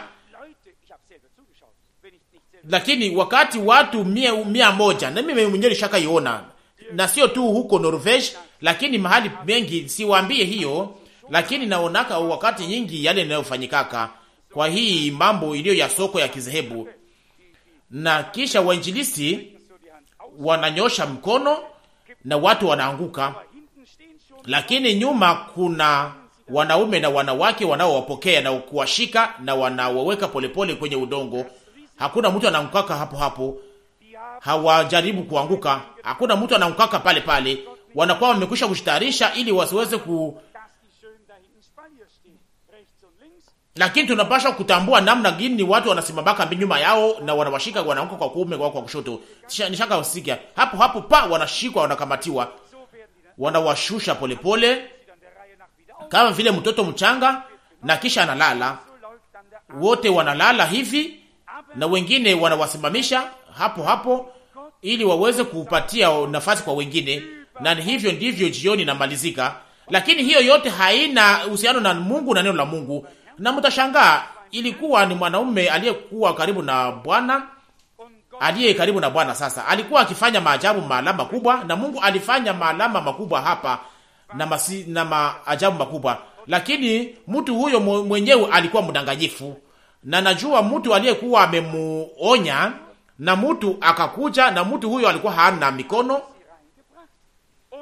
Lakini wakati watu mia, mia moja na mimi mwenyewe nishakaiona, na sio tu huko Norvege lakini mahali mengi siwaambie hiyo, lakini naonaka wakati nyingi yale yanayofanyikaka kwa hii mambo iliyo ya soko ya kizehebu, na kisha wainjilisi wananyosha mkono na watu wanaanguka, lakini nyuma kuna wanaume na wanawake wanaowapokea na kuwashika na wanawaweka polepole kwenye udongo. Hakuna mtu anaangukaka hapo hapo, hawajaribu kuanguka. Hakuna mtu anaangukaka pale pale, wanakuwa wamekwisha kujitayarisha ili wasiweze ku, lakini tunapaswa kutambua namna gani watu wanasimama kambi nyuma yao na wanawashika wanaanguka kwa kuume kwa kwa kushoto. Nishaka usikia hapo hapo pa wanashikwa wanakamatiwa, wanawashusha polepole kama vile mtoto mchanga, na kisha analala. Wote wanalala hivi na wengine wanawasimamisha hapo hapo ili waweze kupatia nafasi kwa wengine na hivyo ndivyo jioni inamalizika. Lakini hiyo yote haina uhusiano na Mungu na neno la Mungu. Na mtashangaa, ilikuwa ni mwanaume aliyekuwa karibu na Bwana, aliye karibu na Bwana. Sasa alikuwa akifanya maajabu maalama kubwa, na Mungu alifanya maalama makubwa hapa na, masi, na maajabu makubwa, lakini mtu huyo mwenyewe alikuwa mdanganyifu, na najua mtu aliyekuwa amemuonya, na mtu akakuja, na mtu huyo alikuwa hana mikono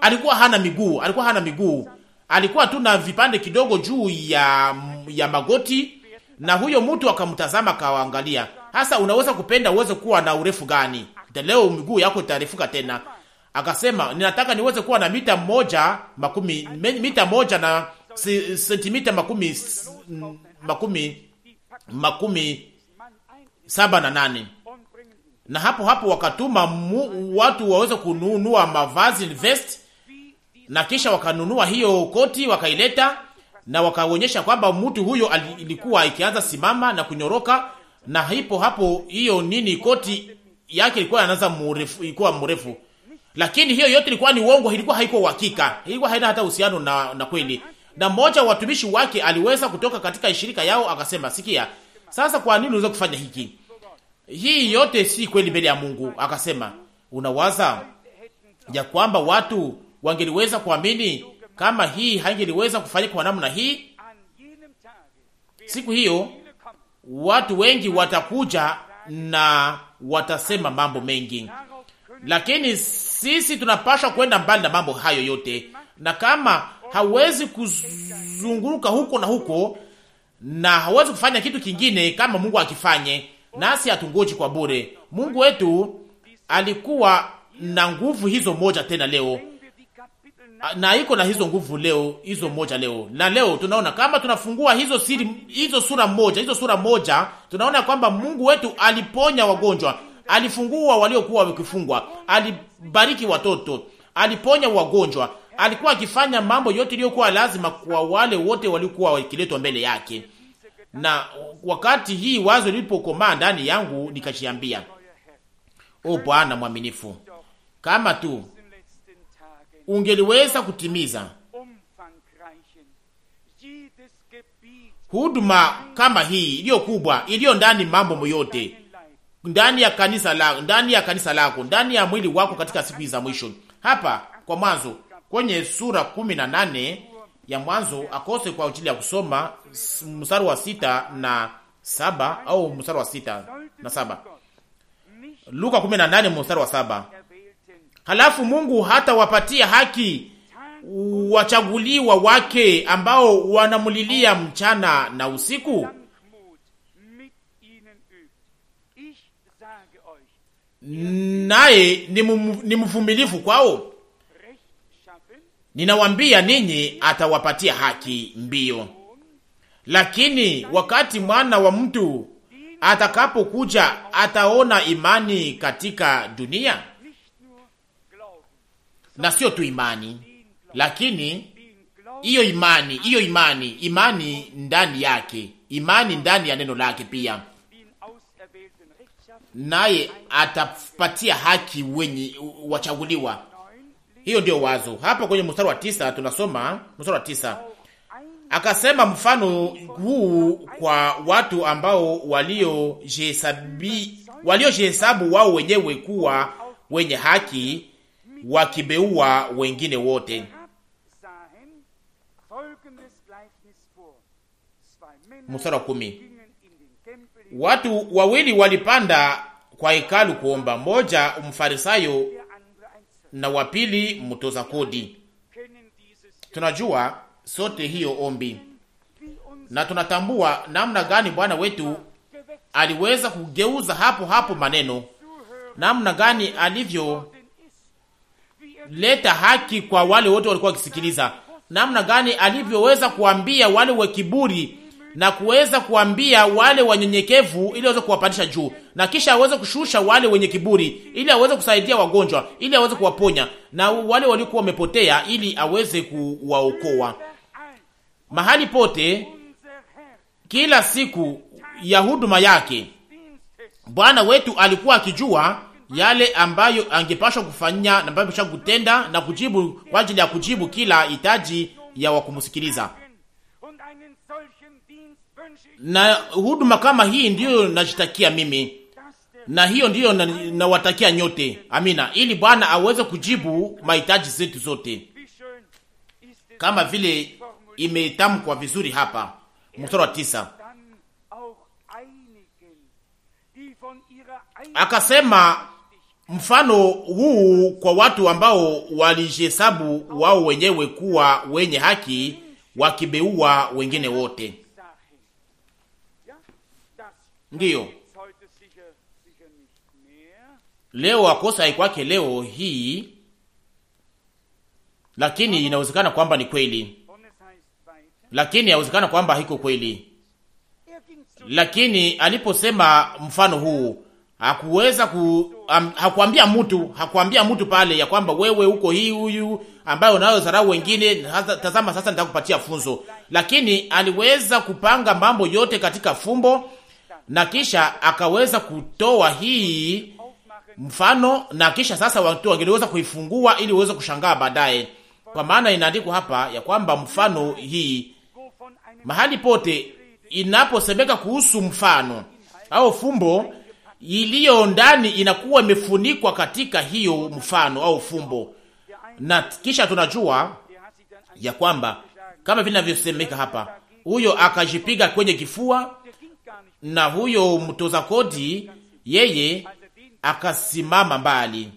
alikuwa hana miguu, alikuwa hana miguu, alikuwa tu na vipande kidogo juu ya ya magoti, na huyo mtu akamtazama, akawaangalia. Hasa unaweza kupenda uweze kuwa na urefu gani? Leo miguu yako itarefuka tena. Akasema, ninataka niweze kuwa na mita moja makumi mita moja na si, sentimita makumi makumi makumi saba na nane na hapo hapo wakatuma mu, watu waweze kununua mavazi vest na kisha wakanunua hiyo koti wakaileta na wakaonyesha kwamba mtu huyo alikuwa ikianza simama na kunyoroka, na hipo hapo hiyo nini koti yake ilikuwa anaanza mrefu, ilikuwa mrefu. Lakini hiyo yote ilikuwa ni uongo, ilikuwa haiko uhakika, ilikuwa haina hata uhusiano na, na kweli. Na mmoja wa watumishi wake aliweza kutoka katika shirika yao akasema, sikia sasa, kwa nini unaweza kufanya hiki? Hii yote si kweli mbele ya Mungu. Akasema, unawaza ya kwamba watu wangeliweza kuamini kama hii haingeliweza kufanyika kwa namna hii? Siku hiyo watu wengi watakuja na watasema mambo mengi, lakini sisi tunapaswa kwenda mbali na mambo hayo yote, na kama hawezi kuzunguruka huko na huko na hawezi kufanya kitu kingine kama Mungu akifanye, nasi hatungoji kwa bure. Mungu wetu alikuwa na nguvu hizo moja tena leo Ah, na iko na hizo nguvu leo, hizo moja leo. Na leo tunaona kama tunafungua hizo siri, hizo sura moja, hizo sura moja, tunaona kwamba Mungu wetu aliponya wagonjwa, alifungua waliokuwa wakifungwa, alibariki watoto, aliponya wagonjwa, alikuwa akifanya mambo yote iliyokuwa lazima kwa wale wote waliokuwa wakiletwa mbele yake. Na wakati hii wazo lilipokomaa ndani yangu, nikajiambia, o Bwana mwaminifu, kama tu ungeliweza kutimiza huduma kama hii iliyo kubwa iliyo ndani mambo yote ndani ya kanisa lako, ndani ya kanisa lako, ndani ya mwili wako katika siku za mwisho. Hapa kwa mwanzo kwenye sura kumi na nane ya Mwanzo akose kwa ajili ya kusoma mstari wa sita na saba au mstari wa sita na saba Luka kumi na nane mstari wa saba Halafu Mungu hatawapatia haki wachaguliwa wake ambao wanamulilia mchana na usiku? Naye ni mvumilivu kwao. Ninawambia ninyi, atawapatia haki mbio. Lakini wakati mwana wa mtu atakapokuja, ataona imani katika dunia? na sio tu imani, lakini hiyo imani, hiyo imani, imani ndani yake, imani ndani ya neno lake pia naye atapatia haki wenye wachaguliwa. Hiyo ndio wazo hapa kwenye mstari wa tisa. Tunasoma mstari wa tisa, akasema mfano huu kwa watu ambao waliojihesabu walio wao wenyewe kuwa wenye haki wakibeua wengine wote. Mstari wa kumi, watu wawili walipanda kwa hekalu kuomba, mmoja mfarisayo na wapili mtoza kodi. Tunajua sote hiyo ombi na tunatambua namna gani Bwana wetu aliweza kugeuza hapo hapo maneno, namna gani alivyo leta haki kwa wale wote walikuwa wakisikiliza. Namna gani alivyoweza kuambia wale wa kiburi na kuweza kuambia wale wanyenyekevu ili aweze kuwapandisha juu, na kisha aweze kushusha wale wenye kiburi ili aweze kusaidia wagonjwa, ili aweze kuwaponya, na wale waliokuwa wamepotea ili aweze kuwaokoa. Mahali pote, kila siku ya huduma yake, Bwana wetu alikuwa akijua yale ambayo angepashwa kufanya na ambayo amepashwa kutenda na kujibu kwa ajili ya kujibu kila hitaji ya wakumsikiliza. Na huduma kama hii ndiyo najitakia mimi, na hiyo ndiyo nawatakia na nyote. Amina, ili Bwana aweze kujibu mahitaji zetu zote, kama vile imetamkwa vizuri hapa mstari wa tisa. Akasema mfano huu kwa watu ambao walijihesabu wao wenyewe kuwa wenye haki, wakibeua wengine wote. Ndiyo, leo akosa haikwake leo hii, lakini inawezekana kwamba ni kweli, lakini inawezekana kwamba haiko kweli. Lakini aliposema mfano huu hakuweza ku um, hakuambia mtu hakuambia mtu pale ya kwamba wewe uko hii huyu ambaye unayo dharau wengine, tazama sasa nitakupatia funzo, lakini aliweza kupanga mambo yote katika fumbo na kisha akaweza kutoa hii mfano na kisha sasa watu wangeweza kuifungua ili uweze kushangaa baadaye, kwa maana inaandikwa hapa ya kwamba mfano hii mahali pote inaposemeka kuhusu mfano au fumbo iliyo ndani inakuwa imefunikwa katika hiyo mfano au fumbo, na kisha tunajua ya kwamba kama vile navyosemeka hapa, huyo akajipiga kwenye kifua, na huyo mtoza kodi yeye akasimama mbali,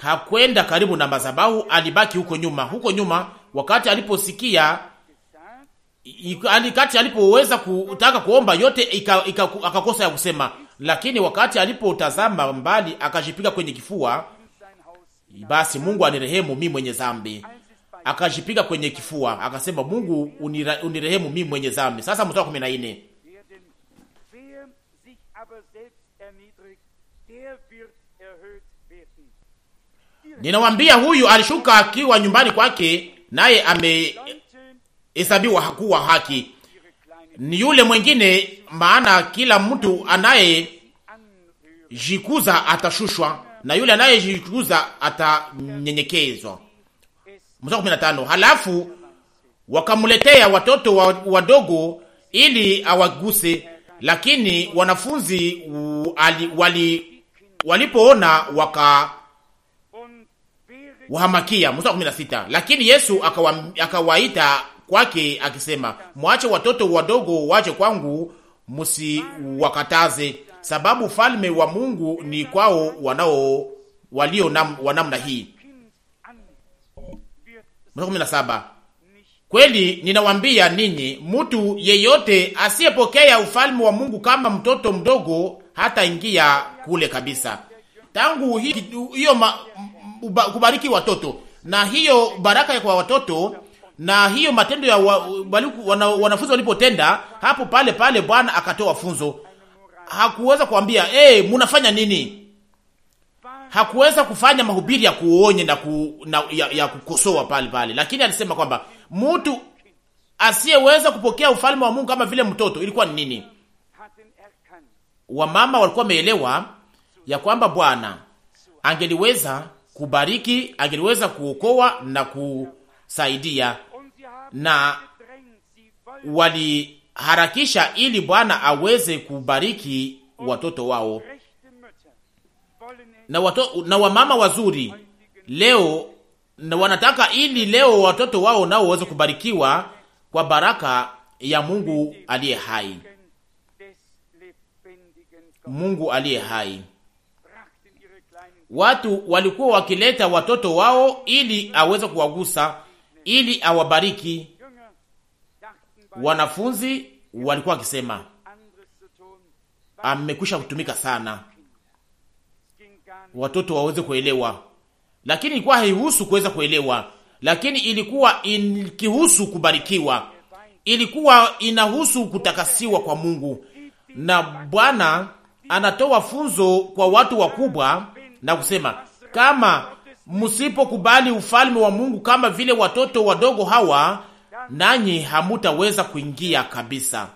hakwenda karibu na madhabahu, alibaki huko nyuma, huko nyuma, wakati aliposikia alikati alipoweza kutaka kuomba yote ika, ika, akakosa ya kusema lakini wakati alipotazama mbali akajipiga kwenye kifua. Basi Mungu anirehemu mi mwenye zambi. Akajipiga kwenye kifua akasema, Mungu unirehemu mi mwenye zambi. Sasa mstari wa 14 Ninawambia huyu alishuka akiwa nyumbani kwake, naye amehesabiwa hakuwa haki ni yule mwingine, maana kila mtu anayejikuza atashushwa na yule anayejikuza atanyenyekezwa. Mstari 15, halafu wakamletea watoto wadogo ili awaguse, lakini wanafunzi wali walipoona waka wahamakia. Mstari 16, lakini Yesu akawaita kwake akisema, mwache watoto wadogo waje kwangu, musi wakataze sababu falme wa Mungu ni kwao wanao walio nam, wa namna hii. Kweli ninawambia ninyi, mtu yeyote asiyepokea ufalme wa Mungu kama mtoto mdogo hata ingia kule kabisa. Tangu hiyo kubariki watoto na hiyo baraka kwa watoto na hiyo matendo ya wa, waliku, wana, wanafunzi walipotenda hapo pale pale, Bwana akatoa funzo. Hakuweza kuambia hey, eh, mnafanya nini? Hakuweza kufanya mahubiri ya kuonye na, ku, na ya, ya kukosoa pale pale, lakini alisema kwamba mtu asiyeweza kupokea ufalme wa Mungu kama vile mtoto. Ilikuwa ni nini? Wamama walikuwa wameelewa ya kwamba Bwana angeliweza kubariki, angeliweza kuokoa na ku saidia, na waliharakisha ili Bwana aweze kubariki watoto wao na, wato, na wamama wazuri leo na wanataka ili leo watoto wao nao waweze kubarikiwa kwa baraka ya Mungu aliye hai. Mungu aliye hai. Watu walikuwa wakileta watoto wao ili aweze kuwagusa ili awabariki. Wanafunzi walikuwa wakisema amekwisha kutumika sana, watoto waweze kuelewa, lakini ilikuwa haihusu kuweza kuelewa, lakini ilikuwa ikihusu kubarikiwa, ilikuwa inahusu kutakasiwa kwa Mungu. Na Bwana anatoa funzo kwa watu wakubwa na kusema kama msipokubali ufalme wa Mungu kama vile watoto wadogo hawa, nanyi hamutaweza kuingia kabisa.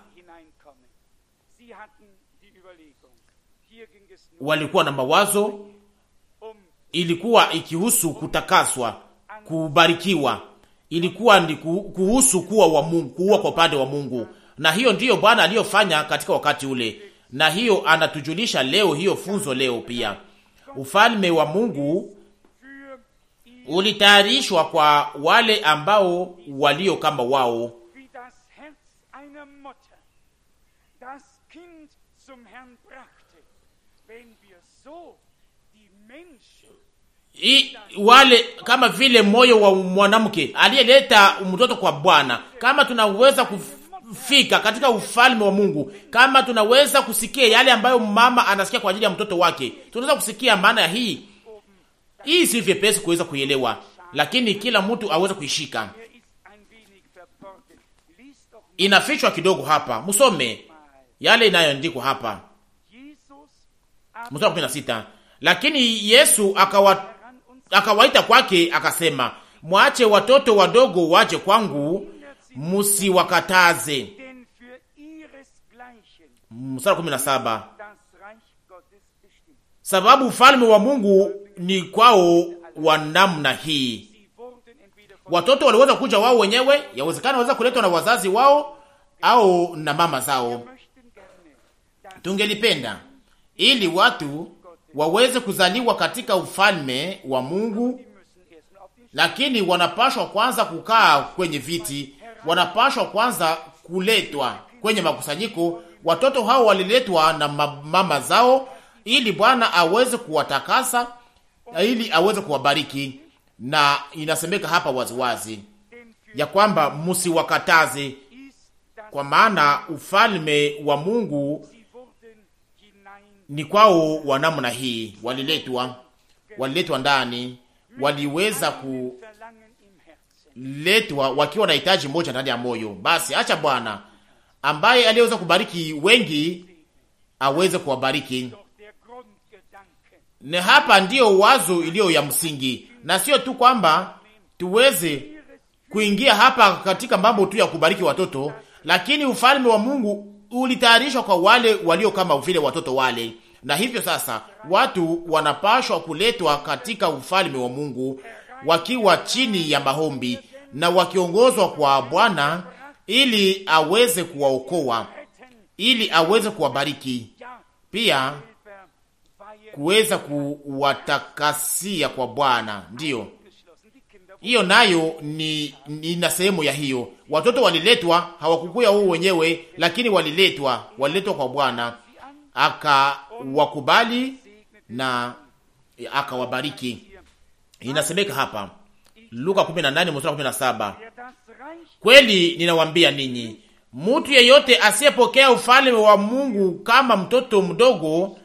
Walikuwa na mawazo, ilikuwa ikihusu kutakaswa, kubarikiwa, ilikuwa ni kuhusu kuwa wa Mungu, kuwa kwa upande wa Mungu, na hiyo ndiyo Bwana aliyofanya katika wakati ule, na hiyo anatujulisha leo hiyo funzo leo pia, ufalme wa Mungu ulitayarishwa kwa wale ambao walio kama wao, I, wale kama vile moyo wa mwanamke aliyeleta mtoto kwa Bwana. Kama tunaweza kufika katika ufalme wa Mungu, kama tunaweza kusikia yale ambayo mama anasikia kwa ajili ya mtoto wake, tunaweza kusikia maana ya hii hii si vyepesi kuweza kuielewa, lakini kila mtu aweze kuishika. Inafichwa kidogo hapa, musome yale inayoandikwa hapa, mstari sita. Lakini Yesu akawa akawaita kwake akasema, mwache watoto wadogo waje kwangu, musiwakataze. Mstari sababu ufalme wa Mungu ni kwao wa namna hii. Watoto waliweza kuja wao wenyewe, yawezekana waweza kuletwa na wazazi wao au na mama zao. Tungelipenda ili watu waweze kuzaliwa katika ufalme wa Mungu, lakini wanapashwa kwanza kukaa kwenye viti, wanapashwa kwanza kuletwa kwenye makusanyiko. Watoto hao waliletwa na mama zao ili Bwana aweze kuwatakasa, ili aweze kuwabariki. Na inasemeka hapa waziwazi ya kwamba msiwakataze kwa maana ufalme wa Mungu ni kwao. Wa namna hii waliletwa, waliletwa ndani, waliweza kuletwa wakiwa na hitaji moja ndani ya moyo. Basi acha Bwana ambaye aliyeweza kubariki wengi aweze kuwabariki na hapa ndiyo wazo iliyo ya msingi, na sio tu kwamba tuweze kuingia hapa katika mambo tu ya kubariki watoto, lakini ufalme wa Mungu ulitayarishwa kwa wale walio kama vile watoto wale. Na hivyo sasa watu wanapashwa kuletwa katika ufalme wa Mungu wakiwa chini ya maombi na wakiongozwa kwa Bwana ili aweze kuwaokoa, ili aweze kuwabariki pia kuweza kuwatakasia kwa Bwana. Ndiyo, hiyo nayo ni, ni na sehemu ya hiyo. Watoto waliletwa, hawakukuya huu wenyewe, lakini waliletwa, waliletwa kwa Bwana akawakubali na akawabariki. Inasemeka hapa Luka 18 mstari 17, kweli ninawaambia ninyi, mtu yeyote asiyepokea ufalme wa Mungu kama mtoto mdogo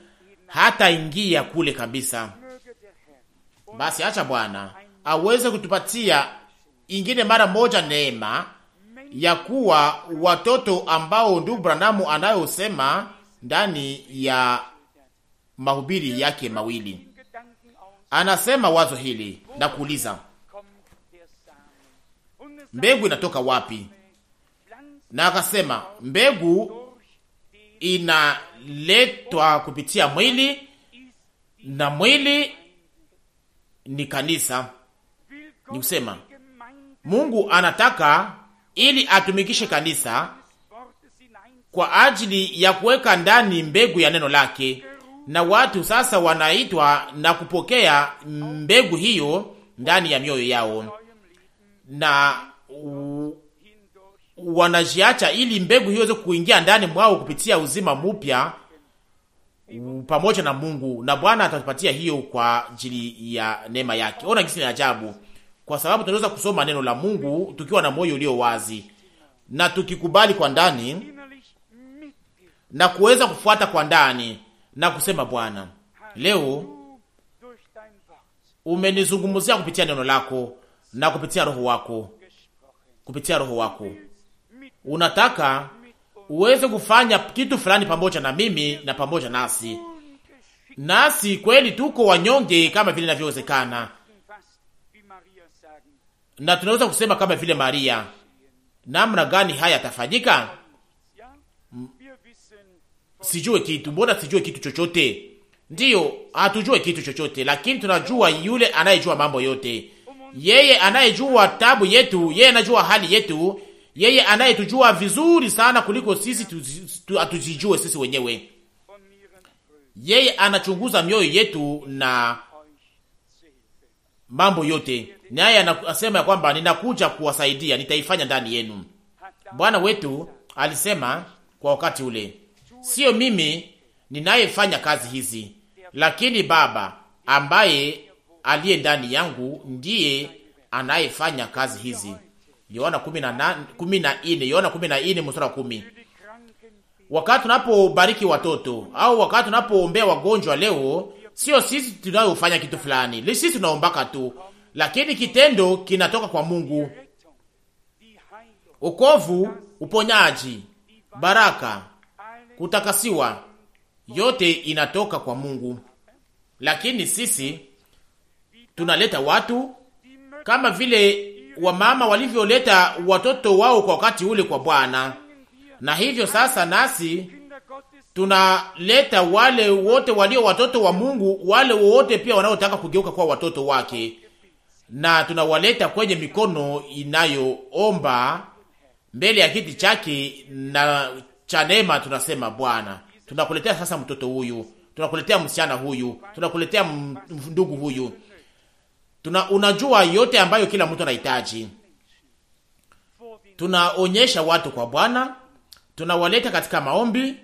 hata ingia kule kabisa. Basi acha Bwana aweze kutupatia ingine mara moja neema ya kuwa watoto ambao ndugu Branamu anayosema ndani ya mahubiri yake mawili, anasema wazo hili na kuuliza mbegu inatoka wapi, na akasema mbegu ina letwa kupitia mwili na mwili ni kanisa. Ni kusema Mungu anataka ili atumikishe kanisa kwa ajili ya kuweka ndani mbegu ya neno lake, na watu sasa wanaitwa na kupokea mbegu hiyo ndani ya mioyo yao na wanajiacha ili mbegu hiyo iweze kuingia ndani mwao kupitia uzima mpya pamoja na Mungu, na Bwana atatupatia hiyo kwa ajili ya neema yake. Ona jinsi ni ajabu, kwa sababu tunaweza kusoma neno la Mungu tukiwa na moyo ulio wazi na tukikubali kwa ndani na kuweza kufuata kwa ndani na kusema, Bwana, leo umenizungumzia kupitia neno lako na kupitia roho wako, kupitia roho wako unataka uweze kufanya kitu fulani pamoja na mimi na pamoja nasi, nasi kweli tuko wanyonge kama vile inavyowezekana, na tunaweza kusema kama vile Maria, namna gani haya yatafanyika? Sijue kitu, mbona sijue kitu chochote? Ndiyo, hatujue kitu chochote, lakini tunajua yule anayejua mambo yote, yeye anayejua tabu yetu, yeye anajua hali yetu yeye anayetujua vizuri sana kuliko sisi hatujijue sisi wenyewe. Yeye anachunguza mioyo yetu na mambo yote, naye anasema ya kwamba ninakuja kuwasaidia, nitaifanya ndani yenu. Bwana wetu alisema kwa wakati ule, sio mimi ninayefanya kazi hizi, lakini Baba ambaye aliye ndani yangu ndiye anayefanya kazi hizi. Yohana 14 Yohana 14 mstari wa 10. Wakati tunapobariki watoto au wakati tunapoombea wagonjwa leo, sio sisi tunayofanya kitu fulani, sisi tunaombaka tu, lakini kitendo kinatoka kwa Mungu. Ukovu, uponyaji, baraka, kutakasiwa, yote inatoka kwa Mungu, lakini sisi tunaleta watu kama vile wamama walivyoleta watoto wao kwa wakati ule kwa Bwana, na hivyo sasa nasi tunaleta wale wote walio watoto wa Mungu, wale wote pia wanaotaka kugeuka kuwa watoto wake, na tunawaleta kwenye mikono inayoomba mbele ya kiti chake na cha neema. Tunasema, Bwana, tunakuletea sasa mtoto huyu, tunakuletea msichana huyu, tunakuletea ndugu huyu tuna, unajua yote ambayo kila mtu anahitaji. Tunaonyesha watu kwa Bwana, tunawaleta katika maombi,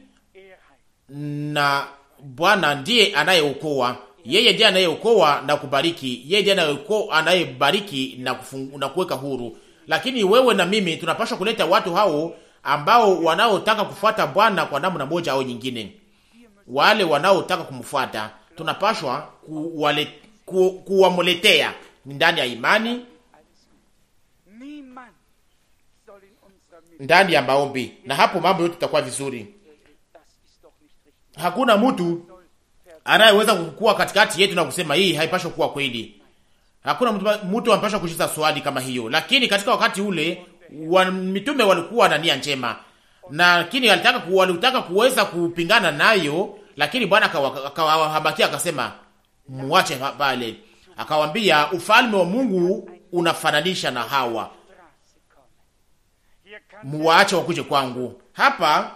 na Bwana ndiye anayeokoa. Yeye ndiye anayeokoa na kubariki, yeye ndiye anayeokoa, anayebariki na na kuweka huru. Lakini wewe na mimi tunapaswa kuleta watu hao ambao wanaotaka kufuata Bwana kwa namna moja au nyingine, wale wanaotaka kumfuata tunapashwa kuwale ku, kuwamuletea ndani ya imani, ndani ya maombi, na hapo mambo yote itakuwa vizuri. Hakuna mtu anayeweza kukua katikati yetu na kusema hii haipaswi kuwa kweli. Hakuna mtu mtu anapaswa swali kama hiyo, lakini katika wakati ule wa mitume walikuwa na nia njema, lakini walitaka walitaka kuweza kupingana nayo, lakini Bwana akawahabakia akasema muwache pale. Akawambia, ufalme wa Mungu unafananisha na hawa, muwache wakuje kwangu. Hapa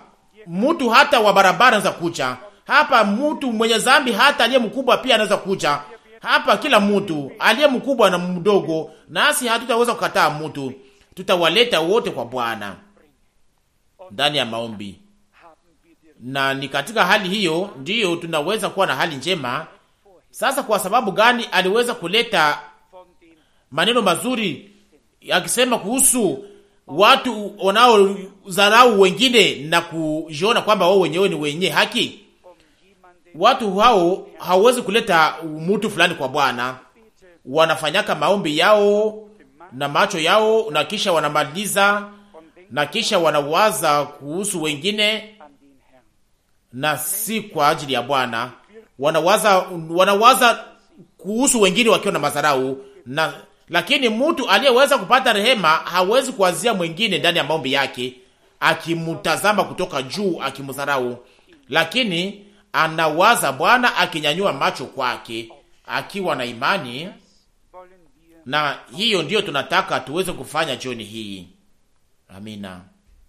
mtu hata wa barabara anaweza kuja hapa, mtu mwenye zambi hata aliye mkubwa pia anaweza kuja hapa, kila mtu aliye mkubwa na mdogo, nasi hatutaweza kukataa mtu, tutawaleta wote kwa Bwana ndani ya maombi, na ni katika hali hiyo ndiyo tunaweza kuwa na hali njema sasa kwa sababu gani aliweza kuleta maneno mazuri akisema kuhusu watu wanaodharau wengine na kujiona kwamba wao wenyewe ni wenye haki? Watu hao hawezi kuleta mtu fulani kwa Bwana, wanafanyaka maombi yao na macho yao, na kisha wanamaliza, na kisha wanawaza kuhusu wengine na si kwa ajili ya Bwana wanawaza, wanawaza kuhusu wengine wakiwa na madharau na lakini mtu aliyeweza kupata rehema hawezi kuwazia mwingine ndani ya maombi yake, akimtazama kutoka juu, akimdharau, lakini anawaza Bwana akinyanyua macho kwake, akiwa na imani. Na hiyo ndiyo tunataka tuweze kufanya jioni hii. Amina.